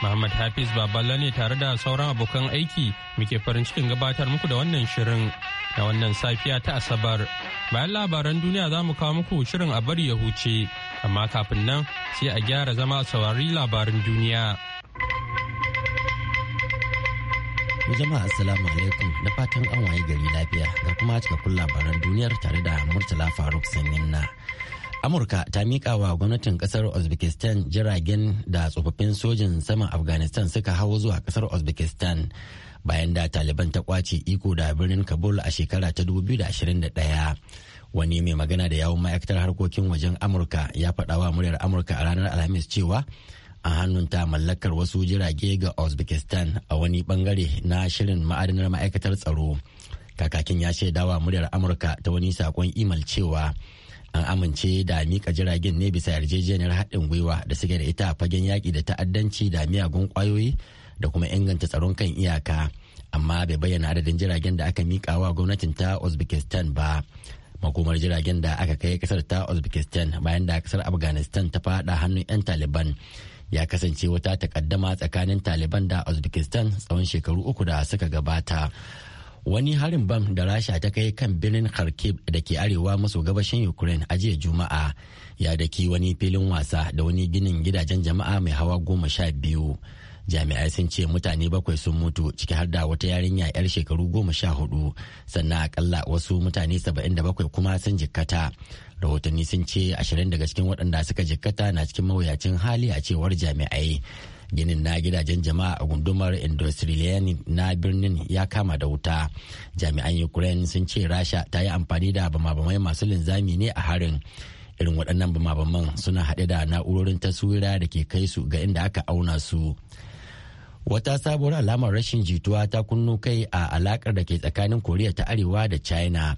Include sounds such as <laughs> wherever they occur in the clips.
Muhammad Hafiz Baballa ne tare da sauran abokan aiki muke farin cikin gabatar muku da wannan shirin da wannan safiya ta Asabar. Bayan labaran duniya za mu kawo muku shirin a bari ya huce, amma kafin nan sai a gyara zama a saurari labarin duniya. Jama'a Assalamu alaikum da fatan an waye gari lafiya ga kuma cikakkun labaran duniyar tare da Murtala Faruk Sanyin na. amurka ta miƙa wa gwamnatin ƙasar uzbekistan jiragen da tsofaffin sojin saman afghanistan suka hawo zuwa ƙasar uzbekistan bayan da taliban ta kwace iko da birnin kabul a shekara ta 2021 wani mai magana da yawon ma'aikatar harkokin wajen amurka ya faɗa wa muryar amurka a ranar alhamis cewa a hannunta mallakar wasu jirage ga uzbekistan a wani bangare na shirin ma'adanar ma'aikatar tsaro kakakin ya shaidawa muryar amurka ta wani sakon imal cewa an amince da mika jiragen ne bisa yarjejeniyar haɗin gwiwa da suke da ita fagen yaƙi da ta'addanci da miyagun ƙwayoyi da kuma inganta tsaron kan iyaka amma bai bayyana adadin jiragen da aka mika wa gwamnatin ta uzbekistan ba makomar jiragen da aka kai kasar ta uzbekistan bayan da kasar afghanistan ta faɗa hannun 'yan taliban ya kasance wata takaddama tsakanin taliban da uzbekistan tsawon shekaru uku da suka gabata wani harin bam da rasha ta kai kan birnin kharkiv da ke arewa maso gabashin ukraine a jiya juma'a ya daki wani filin wasa da wani ginin gidajen jama'a mai hawa goma sha biyu jami'ai sun ce mutane bakwai sun mutu ciki har da wata yarinya yar shekaru goma sha hudu sannan akalla wasu mutane saba'in da bakwai kuma sun jikkata rahotanni sun ce ashirin daga cikin waɗanda suka jikkata na cikin mawuyacin hali a cewar jami'ai ginin na gidajen jama'a a gundumar industrial na birnin ya kama da wuta jami'an ukraine sun ce rasha ta yi amfani da bama-bamai masu linzami ne a harin irin waɗannan bama-baman suna haɗe da na'urorin taswira da ke kai su ga inda aka auna su wata sabuwar alamar rashin jituwa ta kunno kai a alakar da ke tsakanin koriya ta arewa da china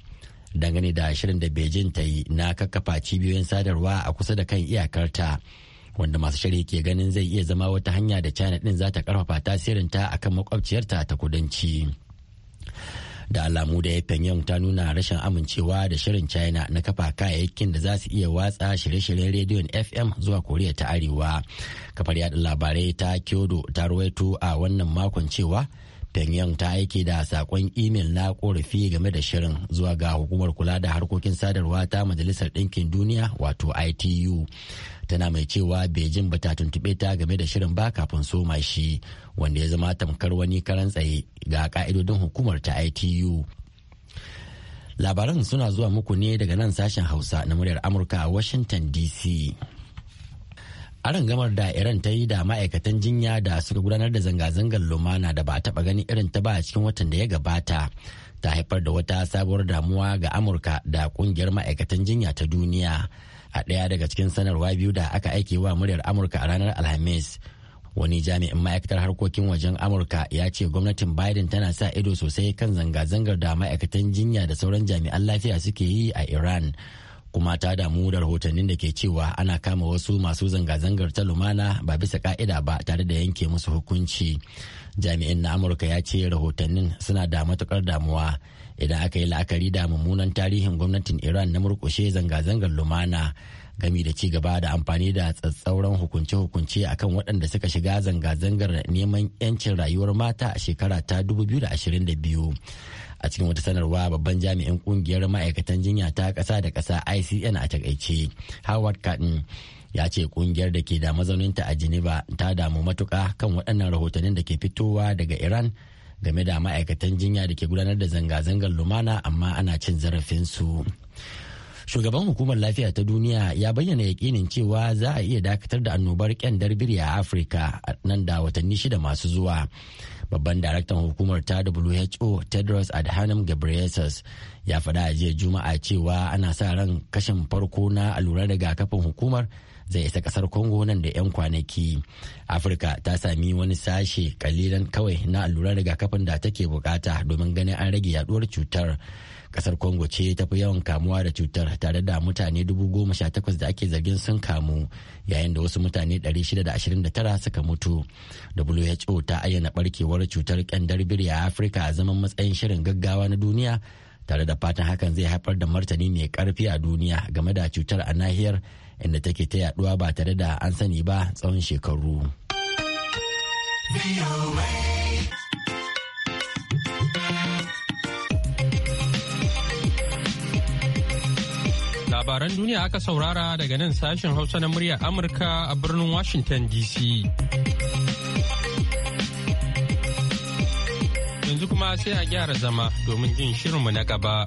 dangane da shirin da beijing ta yi na kakkafa cibiyoyin sadarwa a kusa da kan iyakarta wanda masu shari ke ganin zai iya zama wata hanya da china din za ta karfafa tasirinta akan makwabciyarta ta kudanci da alamu da pyongyang ta nuna rashin amincewa da shirin china na kafa kayayyakin da za su iya watsa shirye-shiryen rediyon fm zuwa koriya ta arewa kafar yada labarai ta kyodo ta ruwaito a wannan makon cewa Pyongyang ta aiki da sakon imel na korafi game da shirin zuwa ga hukumar kula da harkokin sadarwa ta Majalisar Ɗinkin Duniya wato ITU tana mai cewa beijing bata tuntube ta game da shirin ba kafin soma shi wanda ya zama tamkar wani karan tsaye ga ka'idodin hukumar ta itu labaran suna zuwa muku ne daga nan sashen hausa na muryar amurka a washington dc arin gamar da iran ta yi da ma'aikatan jinya da suka gudanar da zanga-zangar lumana da ba a taba ganin irin ta ba a cikin watan da ya gabata ta haifar da wata sabuwar damuwa ga amurka da kungiyar ma'aikatan jinya ta duniya a ɗaya daga cikin sanarwa biyu da aka aike wa muryar amurka a ranar alhamis wani jami'in ma'aikatar harkokin wajen amurka ya ce gwamnatin biden tana sa ido sosai kan zanga-zangar da ma'aikatan jinya da sauran jami'an lafiya suke yi a iran kuma ta damu da rahotannin da ke cewa ana kama wasu masu zanga-zangar ta lumana ba bisa ka'ida ba tare da yanke musu hukunci jami'in na amurka ya ce rahotannin suna da matukar damuwa idan aka yi la'akari da mummunan tarihin gwamnatin iran na murkushe zanga-zangar lumana gami da ci gaba da amfani da tsatsauran hukunce-hukunce akan waɗanda suka shiga zanga-zangar neman 'yancin rayuwar mata a shekara ta 2022 a cikin wata sanarwa babban jami'in kungiyar ma'aikatan jinya ta ƙasa da ƙasa icn a takaice howard cotton ya ce kungiyar da ke da mazauninta a geneva ta damu matuka kan waɗannan rahotannin da ke fitowa daga iran game da ma'aikatan jinya da ke gudanar da zanga-zangar lumana amma ana cin zarafinsu. Shugaban hukumar lafiya ta duniya ya bayyana yakinin cewa za a iya dakatar da annobar kyandar biri a Afirka nan da watanni shida masu zuwa. Babban daraktan hukumar ta WHO Tedros Adhanom Ghebreyesus ya faɗa a jiya Juma'a cewa ana sa ran kashin farko na a allurar rigakafin hukumar zai isa kasar congo nan da 'yan kwanaki afirka ta sami wani sashe kalilan kawai na allurar rigakafin da take bukata domin ganin an rage yaduwar cutar kasar congo ce ta fi yawan kamuwa da cutar tare da mutane 18,000 da ake zargin sun kamu yayin da wasu mutane 629 suka mutu who ta ayyana barkewar cutar kyandar biri a afirka a zaman matsayin shirin gaggawa na duniya tare da fatan hakan zai haifar da martani mai karfi a duniya game da cutar a nahiyar inda take ta yaduwa ba tare da an sani ba tsawon shekaru. Labaran duniya aka saurara daga nan sashen Hausa na muryar Amurka a birnin Washington DC. Yanzu kuma sai a gyara zama domin jin shirinmu na gaba.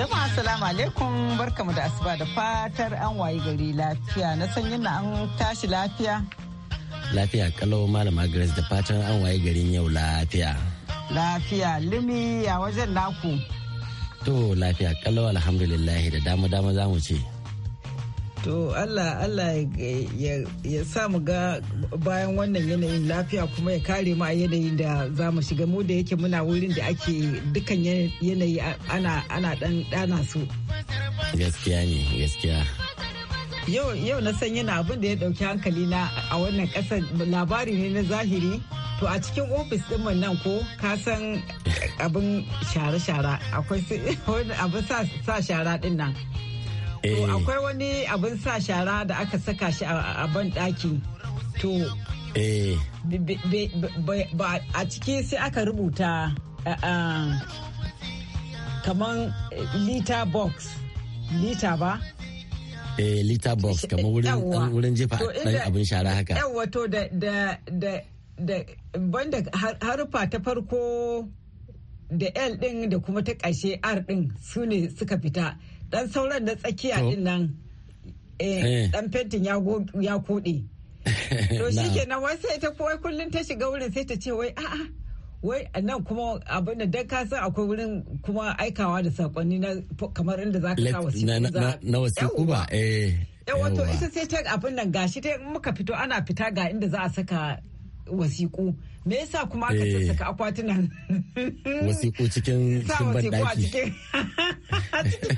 Jama'a salamu alaikum barkamu da asuba da fatar an wayi gari lafiya na sanyin na an tashi lafiya. Lafiya kalau malama Grace da fatan an wayi garin yau lafiya. Lafiya limi ya wajen naku. To lafiya kalau alhamdulillahi da dama dama za mu ce. To Allah Allah ya sa mu ga bayan wannan yanayin lafiya kuma ya kare mu a yanayin da za mu shiga mu da yake muna wurin da ake dukan yanayi ana dan dana su. Gaskiya ne gaskiya. Yau na san yana abin da ya dauki hankali na a wannan kasar labari ne na zahiri. To a cikin ofis din nan ko ka san abin share-share akwai <laughs> abin sa shara din nan. Eh. akwai wani abin sa shara da aka saka shi a ban daki to eh. a ciki sai aka rubuta kaman eh, lita box lita ba eh lita box kamar wurin jefa ɗan abin shara haka yawa to da banda harufa ta farko da l din da kuma ta ƙashe r din su ne suka fita dan sauran na tsakiya din nan eh, eh. dan fentin ya kode <laughs> to shi ke nan wai sai ta kowai kullum ta shiga wurin sai ta ce wai a'a wai nan kuma abin da dan san akwai wurin kuma aikawa da sakonni na kamar inda za ka sa wasiƙu na wasiƙu ba eh yawa to ita sai ta abin nan gashi ta muka fito ana fita ga inda za a saka Wasiku me yasa kuma aka eh. saka akwatunan Wasiku cikin <laughs> a cikin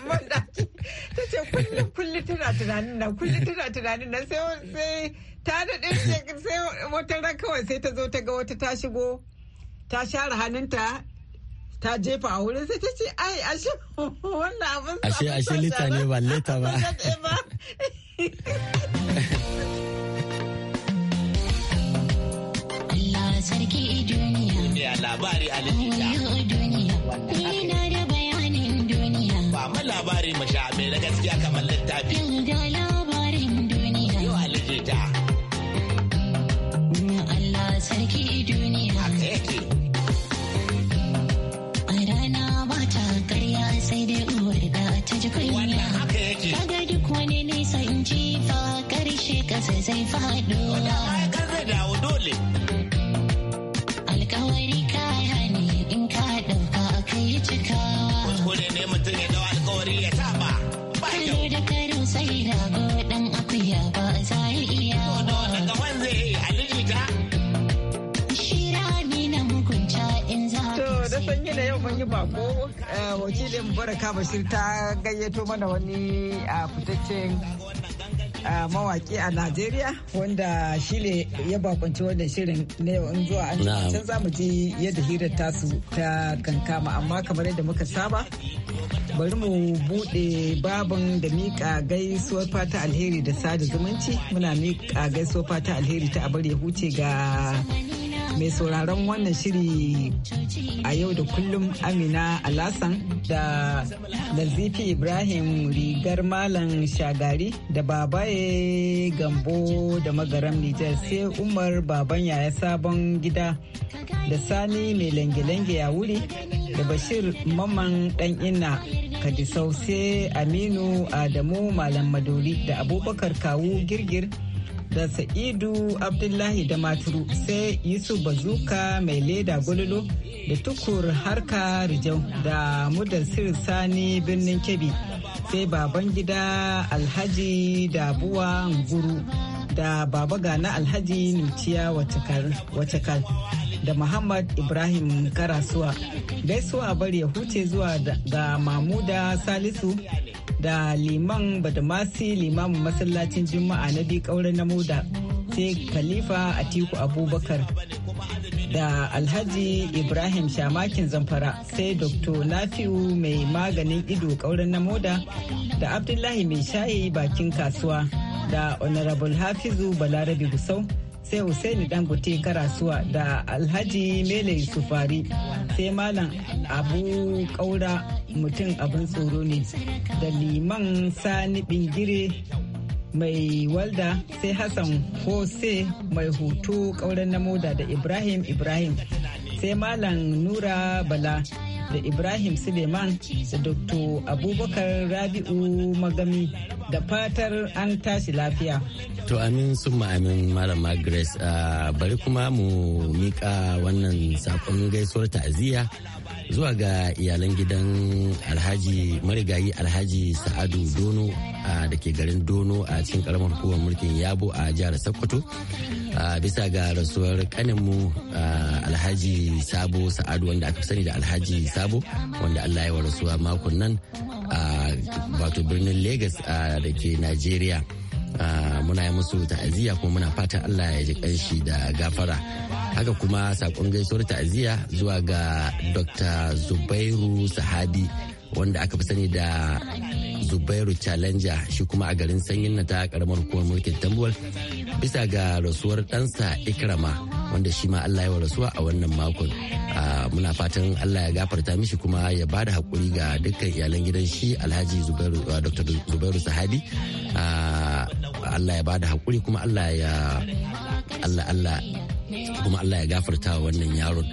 <laughs> bandaki ta ce kullum kullum tana tunanin nan kullum tana tunanin nan sai ta daɗe sai wata ran kawai sai ta zo ta ga wata ta shigo ta share hannunta ta jefa a wurin sai ta ce ai ashe <laughs> wannan abin ashe ashe lita ne ba leta ba take duniya labari a duniya da bayanin duniya ba ma labari mu sha mai na gaskiya kamar littafi Yau da labarin duniya yau a likita Allah sarki duniya haka yake a rana ba ta karya sai dai uwar da ta ji kunya wannan haka yake kaga duk wani nisa in ji karshe kasa zai faɗo rago ɗan akuya ba za ya iya ba. Daga wanzai halitta. da sanyi da yau mun yi bako eh, wakilin baraka bashir ta gayyato mana wani a ah, fitaccen mawaki a Najeriya wanda shi ne ya bakunci wannan shirin na yau in zuwa an can za mu ji yadda hirar tasu ta kankama amma kamar yadda muka saba bari mu bude babin da mika gaisuwar fata alheri da sada zumunci muna mika gaisuwar fata alheri ta abar ya huce ga mai sauraron wannan shiri a yau da kullum amina alasan da Nazifi ibrahim rigar malam shagari da babaye gambo da magaram nijar sai umar baban yaya sabon gida da sani mai lange-lange ya wuri da bashir mamman dan inna kadisau sai aminu adamu malam madori da abubakar kawu girgir da sa'idu abdullahi da maturu sai yusuf bazuka mai leda gololo da tukur harka rijau da mudan sani birnin kebi sai baban gida alhaji dabuwa nguru da baba gana alhaji nuciya wacakal da muhammad ibrahim karasuwa gaisuwa bari ya huce zuwa ga mamuda salisu da liman badamasi limamin masallacin juma'a na bi kaure na moda sai khalifa atiku abubakar da alhaji ibrahim shamakin zamfara sai dr nafiu mai maganin ido kauren na moda da abdullahi mai shayi bakin kasuwa da honorable hafizu balarabi gusau sai Hussaini Dangote Karasuwa da Alhaji Mele Sufari sai Malam Abu Kaura mutum abin tsoro ne da Liman Sani Bingire mai walda sai Hassan Hose mai hoto kauren na moda da Ibrahim Ibrahim sai Malam Nura Bala da Ibrahim Suleiman da Dr. Abubakar Rabi'u Magami da fatar an tashi lafiya. To amin sun maamin Malama Grace ah, bari kuma mu miƙa wannan sakon gaisuwar ta'aziyya zuwa ga iyalan gidan alhaji marigayi alhaji sa'adu dono da ke garin dono a cikin karamar hukumar mulkin yabo a jihar sokoto bisa ga rasuwar kaninmu alhaji sabo sa'adu wanda aka sani da alhaji sabo wanda allah ya wa rasuwa makon nan a wato birnin lagos da ke najeriya Ah, muna yi musu ta'aziyya kuma muna fatan Allah ya ji kanshi da gafara haka kuma saƙon gaisuwar ta'aziyya zuwa ga Dr. Zubairu sahadi wanda aka fi sani da Zubairu Challenger shi kuma a garin sanyin na ta karamar hukumar mulkin Tambuwal bisa ga rasuwar ɗansa Ikrama wanda shi ma Allah ya wa rasuwa a wannan makon. Ah, muna fatan Allah ya gafarta mishi kuma ya ba da haƙuri ga dukkan iyalan gidan shi Alhaji Zubairu ah, sahadi Zubairu Allah ya bada hakuri kuma Allah ya Allah Allah kuma Allah ya gafarta wannan yaron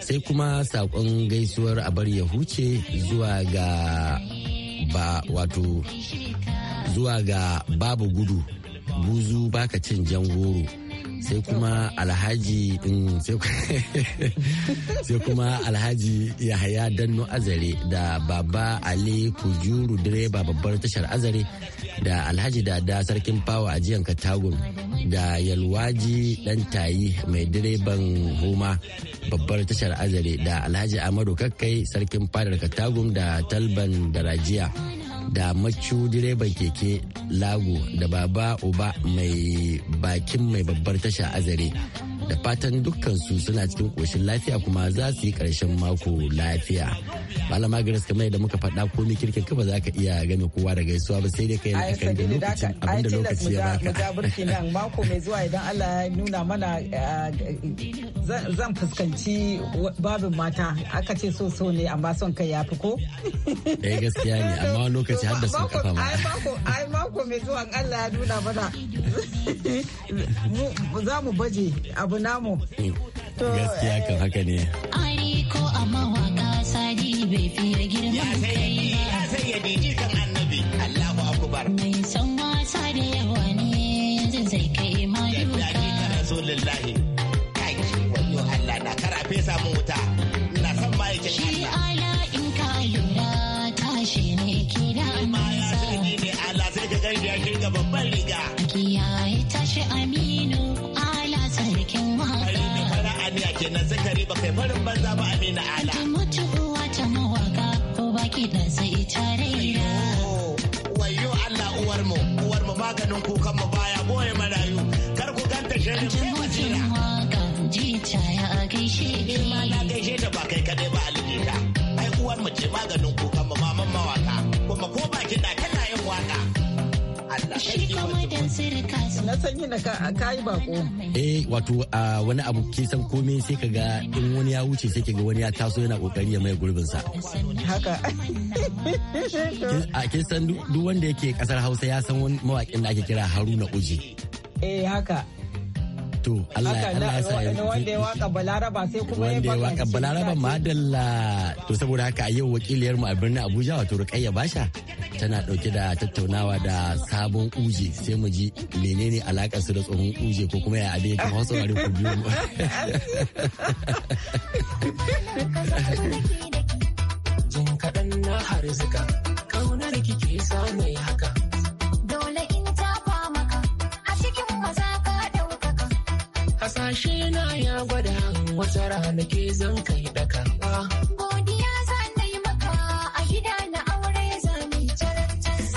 sai kuma sakon gaisuwar a bar ya huce zuwa ga ba wato zuwa ga babu gudu buzu baka cin jan goro sai kuma alhaji mm, <laughs> sai kuma alhaji yahaya danno azare da baba ali kujuru direba babbar tashar azare da alhaji dada sarkin fawa a jiyan katagun da yalwaji dan tayi mai direban huma babbar tashar azare da alhaji amadu kakkai sarkin fadar katagun da talban darajiya da macu direban keke lagu da baba uba mai bakin mai babbar tashar azare da fatan dukkansu suna cikin koshin lafiya kuma za su yi karshen mako lafiya malama garis kamar yadda muka faɗa ni kirkin ka za ka iya game kowa da gaisuwa ba sai dai kai da kan da lokacin abin da lokaci ya baka nan mako mai zuwa idan Allah ya nuna mana eh, zan fuskanci babin mata aka ce so so ne amma son kai ya fi ko eh gaskiya ne amma lokaci har da sun kafa ma ai mako mai zuwa Allah ya nuna mana <laughs> za mu baje abin namu gaskiya kan eh. haka ne Ya ko ya sayyade jikan annabi allahu akbar wani na ala. Mutu uwa ta mawaka ko baki da sai ta raira. Wayo Allah uwar mu uwar mu maganin kukan mu baya boye marayu kar ku ganta shirin sai wasira. Jita ya gaishe ni. Girma na gaishe ta ba kai kadai ba alijita. Ai uwar mu ce maganin kukan mu maman mawaka kuma ko baki na tana yin waka. Allah shi kuma dan sirka. na san na ka bako eh wato wani abu ke san komai sai ka ga in wani ya wuce sai ka ga wani ya taso yana kokari ya mai gurbin sa haka a kin san duk wanda yake kasar Hausa ya san wani mawakin da ake kira Haruna Uji eh haka to Allah ya Allah ya sa ya wanda ya waka balaraba sai kuma ya wanda ya waka balaraba madalla to saboda haka a yau wakiliyar mu a birnin Abuja wato Rukayya Basha tana dauke da tattaunawa da sabon uje sai mu ji menene alakar su da tsohon uje ko kuma ya abin yake hausa wari ku biyo mu <laughs> jin kaɗan na harzika kauna da kike sa mai haka gwada wata rana ke zan kai dakawa. Godiya za na yi maka a gida na aure za mu yi tarantas.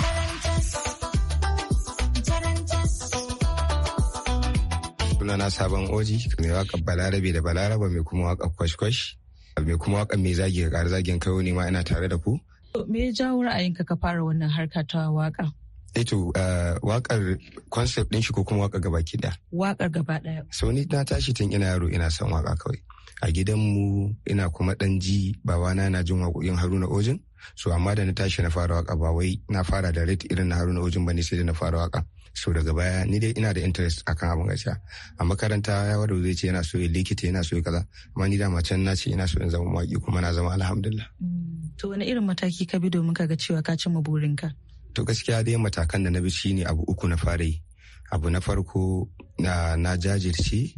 Tarantas. Tarantas. sabon oji mai waka balarabe da balaraba mai kuma waka kwashkwash. Mai kuma waka mai zagi ga zagin kawo ne ma ina tare da ku. Me ya jawo ra'ayinka ka fara wannan harka ta waka? Eto eh uh, waƙar wakar concept ɗin shi ko kuma wakar gaba ɗaya. Wakar gaba ɗaya. So ni na tashi tun ina yaro ina son waka kawai. A gidanmu ina kuma ɗan ji babana na jin waƙoƙin Haruna Ojin. So amma da na tashi na fara waka ba wai na fara da rate irin na Haruna Ojin ba ne sai da na fara waka. So daga baya ni dai ina da interest akan abin gaskiya. A makaranta ya wada zai ce yana so ya likita yana so ya kaza. Amma ni da macen na ce ina so in zama waƙi, kuma na zama alhamdulillah. Mm. To wani irin mataki ka bi domin ka ga cewa ka cimma burinka? to gaskiya dai matakan da na bi shine abu uku na fara yi abu na farko na jajirce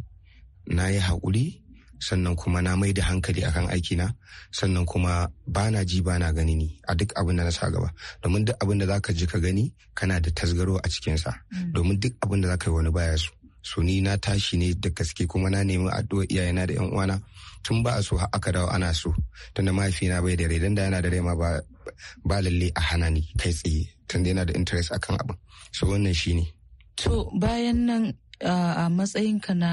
na yi haƙuri sannan kuma na mai da hankali akan na, sannan kuma bana ji bana gani ni a duk abin da na sa gaba domin duk abin da zaka ji ka gani kana da tasgaro a cikinsa mm. domin duk abin da zaka yi wani baya su so ni na tashi ne da gaske kuma na nemi addu'a iyayena da yan uwana tun ba a so aka dawo ana so tunda mahaifina bai da rai dan da yana da rai ma ba ba lalle a hana ni kai tsaye tunda yana da interest a kan abin so wannan shi ne. to bayan nan a matsayinka na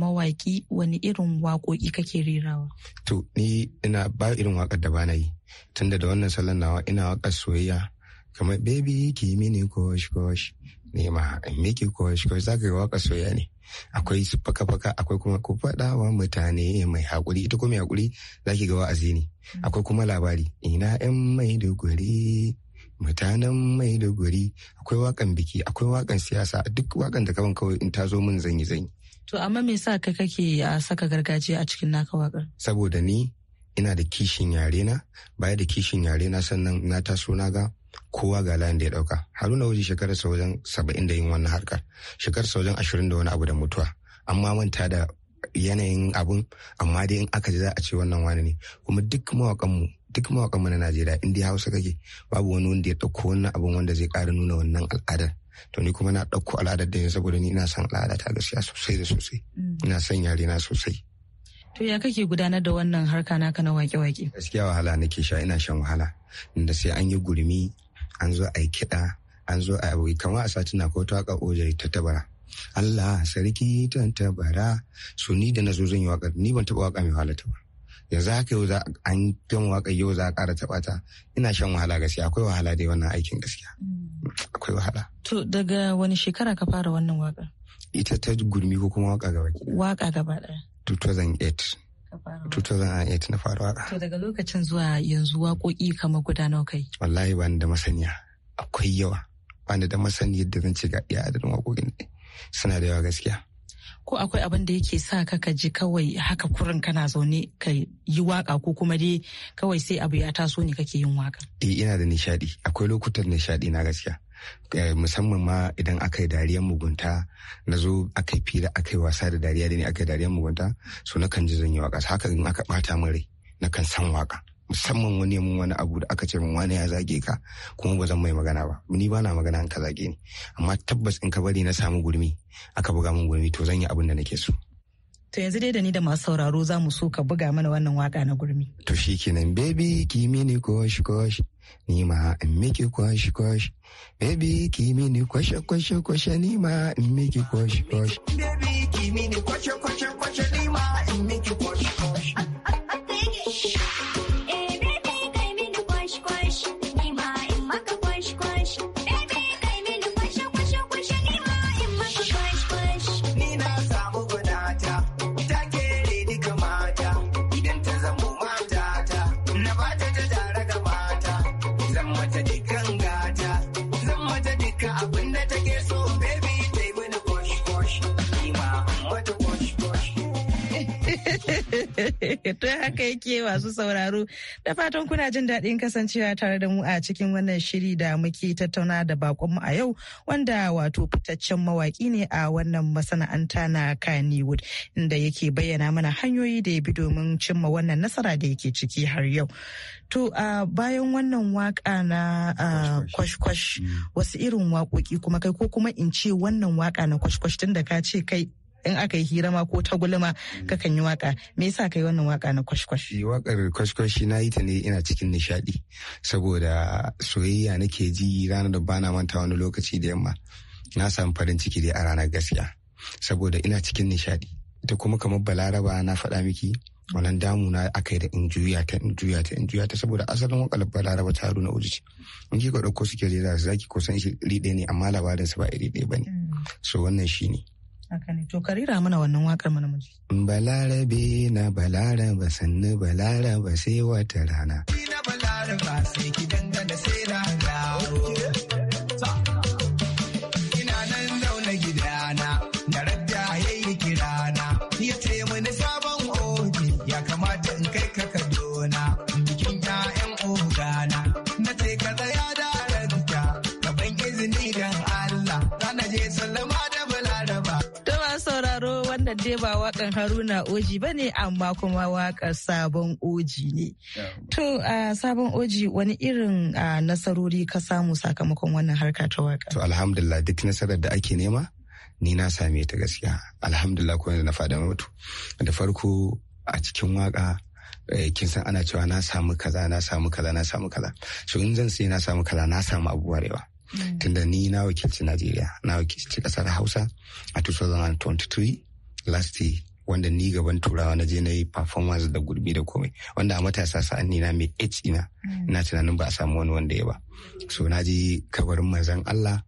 mawaki wani irin waƙoƙi kake rerawa to ni ina ba irin waƙar da bana yi tunda da wannan salon nawa ina waƙar soyayya kamar baby ki mini kosh kosh ne ma miki kosh kosh zaka ga waƙar soyayya ne akwai su faka-faka akwai kuma ku faɗa wa mutane mai haƙuri ita kuma mai haƙuri za ki ga wa'azi ne mm. akwai kuma labari ina yan maiduguri mutanen maiduguri akwai wakan biki akwai wakan siyasa duk wakan da kaban kawai in ta zo min zanyi zanyi to amma me sa kai kake a saka gargajiya a cikin naka wakar saboda ni ina da kishin yare na baya da kishin yare na sannan na taso na ga kowa ga layin da ya dauka haruna waje shekarar sa wajen saba'in da yin wannan harkar shekarar sa wajen ashirin da wani abu da mutuwa amma manta da yanayin abun amma dai in aka ji za a ce wannan wani ne kuma duk mawakanmu duk na najeriya in dai hausa kake babu wani wanda ya dauko wannan abun wanda zai kara nuna wannan al'adar to ni kuma na ɗauko al'adar da ni saboda ni ina son al'ada ta gaskiya sosai da sosai mm. ina son yare na sosai To ya kake gudanar da wannan harka naka na wake-wake? Gaskiya wahala nake sha ina shan wahala. Inda sai an yi gurmi, an zo a yi kiɗa, an zo a yi kama a satina ko ta ka ojari ta tabara. Allah sarki tabara su ni da na zo zan yi waƙar ni ban taɓa waƙa mai wahala ta ba. yanzu haka yau za an gama waƙar yau za a ƙara taɓa ta ina shan wahala gaskiya akwai wahala dai wannan aikin gaskiya mm. akwai wahala. To daga wani shekara ka fara wannan waƙar? Ita ta gurmi ko kuma waƙa gaba ɗaya. Waƙa gaba ɗaya. 2008 na faruwa. waka. To daga lokacin zuwa yanzu waƙoƙi kamar guda nawa kai? Wallahi bani da masaniya akwai yawa ba da masaniya yadda zan ce ga iya adadin waƙoƙin suna da yawa gaskiya. Ko akwai abin da yake sa ka ka ji kawai haka kurin kana zaune ka yi waka ko kuma dai kawai sai abu ya taso ne kake yin waka? Eh ina da nishaɗi akwai lokutan nishaɗi na gaskiya. Eh, musamman ma idan aka yi dariyar mugunta na zo aka yi fira aka yi wasa da dariya da ni aka yi dariyar mugunta so na kan ji zan yi waka haka in aka bata min rai na kan san waka musamman wani mun wani abu da aka ce min wani ya zage ka kuma ba zan mai magana ba ni ba na magana in ka zage ni amma tabbas in ka bari na samu gurmi aka buga min gurmi to zan yi abin da nake so To yanzu dai da ni da masu sauraro za mu so ka buga mana wannan waka na gurmi. To shi kenan baby kimi ni kosh kosh Nima in miki kwash kwash baby ki mini kwash kwash kwash ni ma in miki kwash kwash baby ki mini kwash kwash kwash ni ma in miki kwash <laughs> to haka yake masu sauraro da fatan kuna jin daɗin kasancewa tare da mu a cikin wannan shiri da muke tattauna da bakonmu a yau wanda wato fitaccen mawaki ne a wannan masana'anta na Kannywood inda yake bayyana mana hanyoyi da ya bi domin cimma wannan nasara da yake ciki har yau. To a bayan wannan waka na kwashkwash mm. wasu irin waƙoƙi kuma kai ko kuma in ce wannan waka na kwashkwash tun da ka ce kai in aka yi hira ma ko tagulma kakan yi waka me yasa kai wannan waka na kwashkwash eh, wakar kwashkwash na yi ta ne ina cikin nishadi saboda soyayya nake ji ranar da bana manta wani lokaci da yamma na samu farin ciki dai a ranar gaskiya saboda ina cikin nishadi ita kuma kamar balaraba na faɗa miki wannan damuna aka yi da in juya ta in juya ta in juya ta saboda asalin wakar Balaraba ta haruna ujiji. in ki ka ɗauko suke zai zaki kusan iri ɗaya ne amma labarin labarinsa ba iri ɗaya ba ne mm. so wannan shi ne Haka ne, to karira mana wannan wakar mana muji. Balarabe na balaraba sannu balaraba sai wata rana. Ni na balaraba sai ki dangana sai rana. dai ba wakan haruna oji ba ne amma kuma wakar sabon oji ne to sabon oji wani irin nasarori ka samu sakamakon wannan harka ta waka to alhamdulillah duk nasarar da ake nema ni na same ta gaskiya alhamdulillah ko yanzu na fada mutu da farko a cikin waka eh, kin san ana cewa na samu kaza na samu kaza na samu kaza so zan sai na samu kaza na samu abubuwa rewa. Mm. tunda ni na wakilci Najeriya na wakilci kasar Hausa a 2023 lasti wanda ni gaban turawa na je na yi performance da gurbi da komai wanda a matasa sa'an ni na mai h ina mm. ina tunanin ba a samu wani wanda ya ba so na je kabarin manzan Allah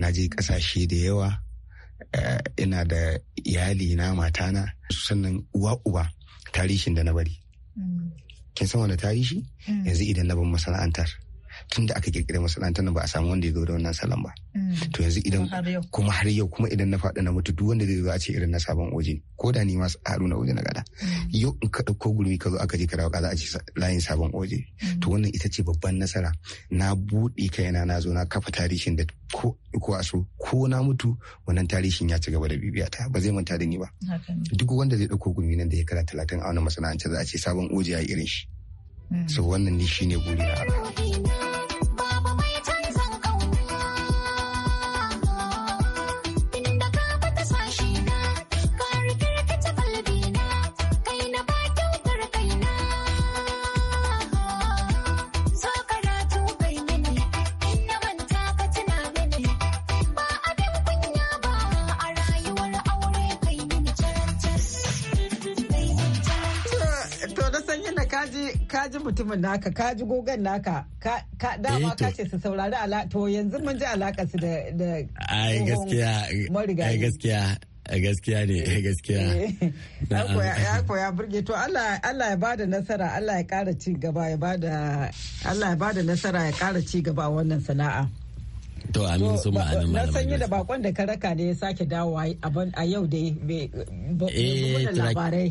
na je kasashe da yawa eh, ina da iyali na matana sannan uwa uba tarihin da na bari mm. kin san wani tarihi mm. yanzu idan na bin masana'antar tun da aka kirkira masana'antar nan ba a samu wanda ya zo wannan salon ba mm. to yanzu idan kuma har yau kuma idan na faɗa na mutu duk wanda zai zo a ce irin na sabon oji ko da ni ma haruna oji na gada mm. yau in ka ɗauko gurmi ka zo aka je ka dawo za a ce layin sabon oji mm. to wannan ita ce babban nasara na buɗe kaina na zo na kafa tarihin da ko ko a so ko na mutu wannan tarihin ya ci gaba da bibiya ta ba zai manta da ni ba duk wanda zai ɗauko gurmi nan da ya kara talatin a wani masana'antar za a ce sabon oji ya yi irin shi so wannan ni shine burina a ka ji mutumin naka ka ji gogan naka ka dama ka ce su saurari ala to yanzu mun ji alaka su da da ai gaskiya ai gaskiya gaskiya ne gaskiya ya koya burge to Allah ya bada nasara Allah ya kara ci gaba ya bada Allah ya bada nasara ya kara ci gaba wannan sana'a to amin su anan malama na sanyi da bakon da ka raka ne ya sake dawowa a yau dai bai labarai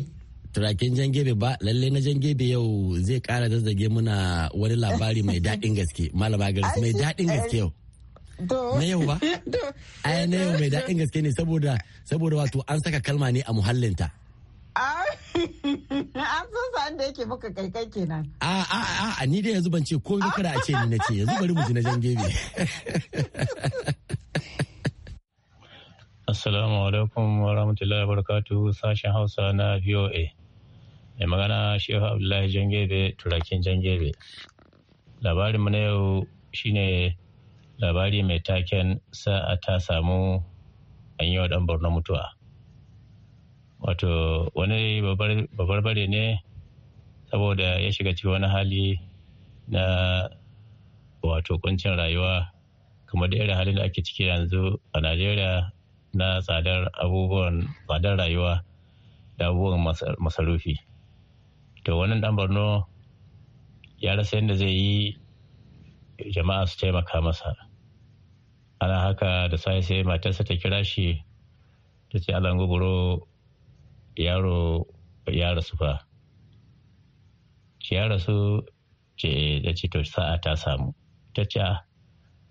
turakin jangebe ba lalle na jangebe yau zai kara zazzage muna wani labari mai daɗin gaske malama garis mai daɗin gaske yau na yau ba ai na yau mai daɗin gaske ne saboda saboda wato an saka kalma ne a muhallinta an ah. <laughs> so an da yake muka kaikai kenan a a a ni dai yanzu ban ce ko kada a ce ni na ce yanzu bari mu ji na Gebe. <laughs> Assalamu alaikum wa rahmatullahi wa barakatuhu sashen Hausa na VOA. mai magana shehu abdullahi jangebe turakin jangebe labarinmu na yau shine labari mai taken sa'a ta samu an yi wa dan borno mutuwa wato wani babar bare ne saboda ya shiga cikin wani hali na wato kuncin rayuwa kamar da irin halin da ake ciki yanzu a najeriya na tsadar abubuwan tsadar rayuwa da abubuwan masarufi to wannan dan borno ya rasa yadda zai yi jama'a su taimaka masa ana haka da sai sai matarsa ta kira shi ta ce alan guguro yaro ya rasu fa ce ya rasu ce da ce to sa'a ta samu ta ce ah,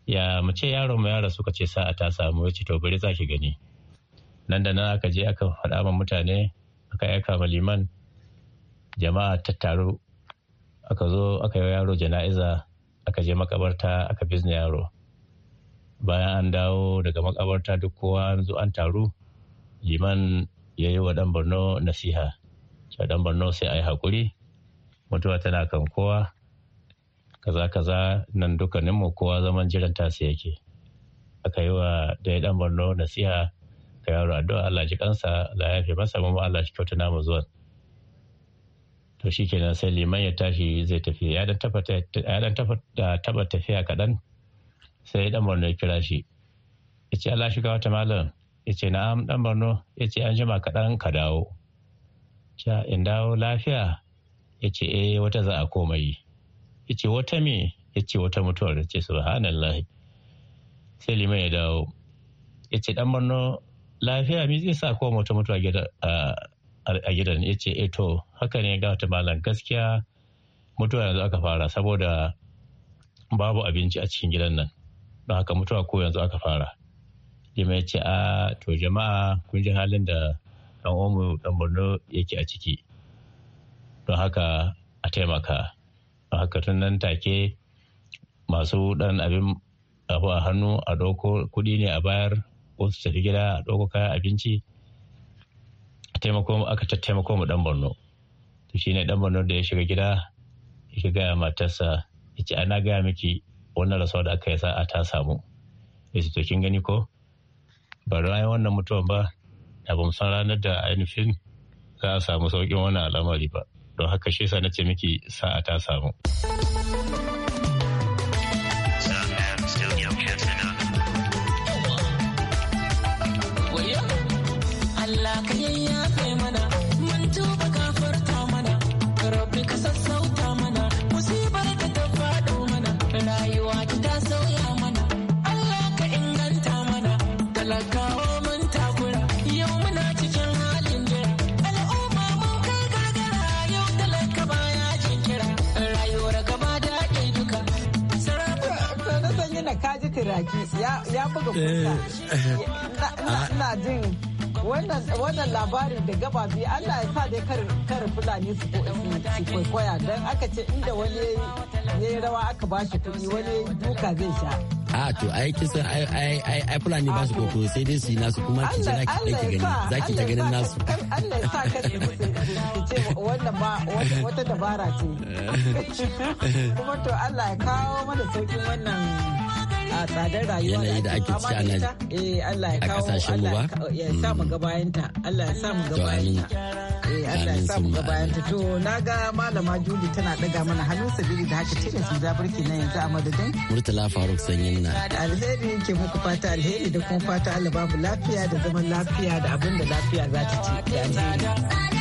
ya mace yaro mu ya rasu ka ce sa'a ta samu ya ce to bari za ki gani nan da nan aka je aka faɗa ma mutane aka aika ma liman jama'a ta taru aka zo aka yi yaro jana'iza aka je makabarta aka bizne yaro bayan an dawo daga makabarta duk kowa an zo an taru liman ya yi wa dan borno nasiha cewa dan borno sai a yi haƙuri mutuwa tana kan kowa kaza kaza nan dukkaninmu kowa zaman jiran tasi yake aka yi wa dai dan borno nasiha ka yaro addu'a Allah ji kansa la ya masa mu Allah shi kyauta namu zuwa. to shi kenan sai liman ya tashi zai tafi ya dan taba tafiya kaɗan sai dan borno ya kira shi ya ce Allah shiga wata malam ya ce na'am dan borno ya ce an jima kaɗan ka dawo ya in dawo lafiya ya ce eh wata za a komai ya ce wata me ya ce wata mutuwar ya ce subhanallah sai liman ya dawo ya ce dan borno lafiya me zai sa ko wata mutuwa a gidan ya ce eto eh, haka ne ga ta malam gaskiya mutuwa yanzu aka fara saboda babu abinci a cikin gidan nan don haka mutuwa ko yanzu aka fara jima ya ce a to jama'a kun ji halin da dan omu dan borno yake a ciki don haka a taimaka don haka tun nan take masu dan abin abu a hannu a ɗauko kuɗi ne a bayar ko su tafi gida a ɗauko kayan abinci taimako aka taimako mu dan Borno to shine dan Borno da ya shiga gida yake gaya matarsa yace ana gaya miki wannan rasuwa da aka yi sa'a ta samu yace to kin gani ko ba rayuwar wannan mutuwan ba da bamu san ranar da ainihin za a samu saukin wannan al'amari ba don haka shi na ce miki sa'a ta samu. ce raki ya buga kusa eh, eh. na jin wannan labarin da gababi biyu Allah ya sa dai kar fulani su kwaikwaya don aka ce inda wani ne rawa aka ba shi kuɗi wani duka zai sha. a to ai kisan ai fulani ba su koko sai dai su yi nasu kuma ki za ki gani za ki ta ganin nasu Allah ya sa kar su ce wannan ba wata dabara ce eh. <laughs> kuma to Allah ya kawo mana sauƙin wannan a tsadar rayuwa yanayi da ake ciki a nan eh, a kasashen mu ba ya sa mu hmm. gabayanta Allah ya sa mu gabayanta eh Allah ya sa mu gabayanta to naga malama Juli tana daga mana hannu sabili da haka tilas mu na yanzu a madadin Murtala Faruk sanyin na alheri yake muku fata alheri da kuma fata Allah babu lafiya da zaman lafiya da abin da lafiya za ta ci da alheri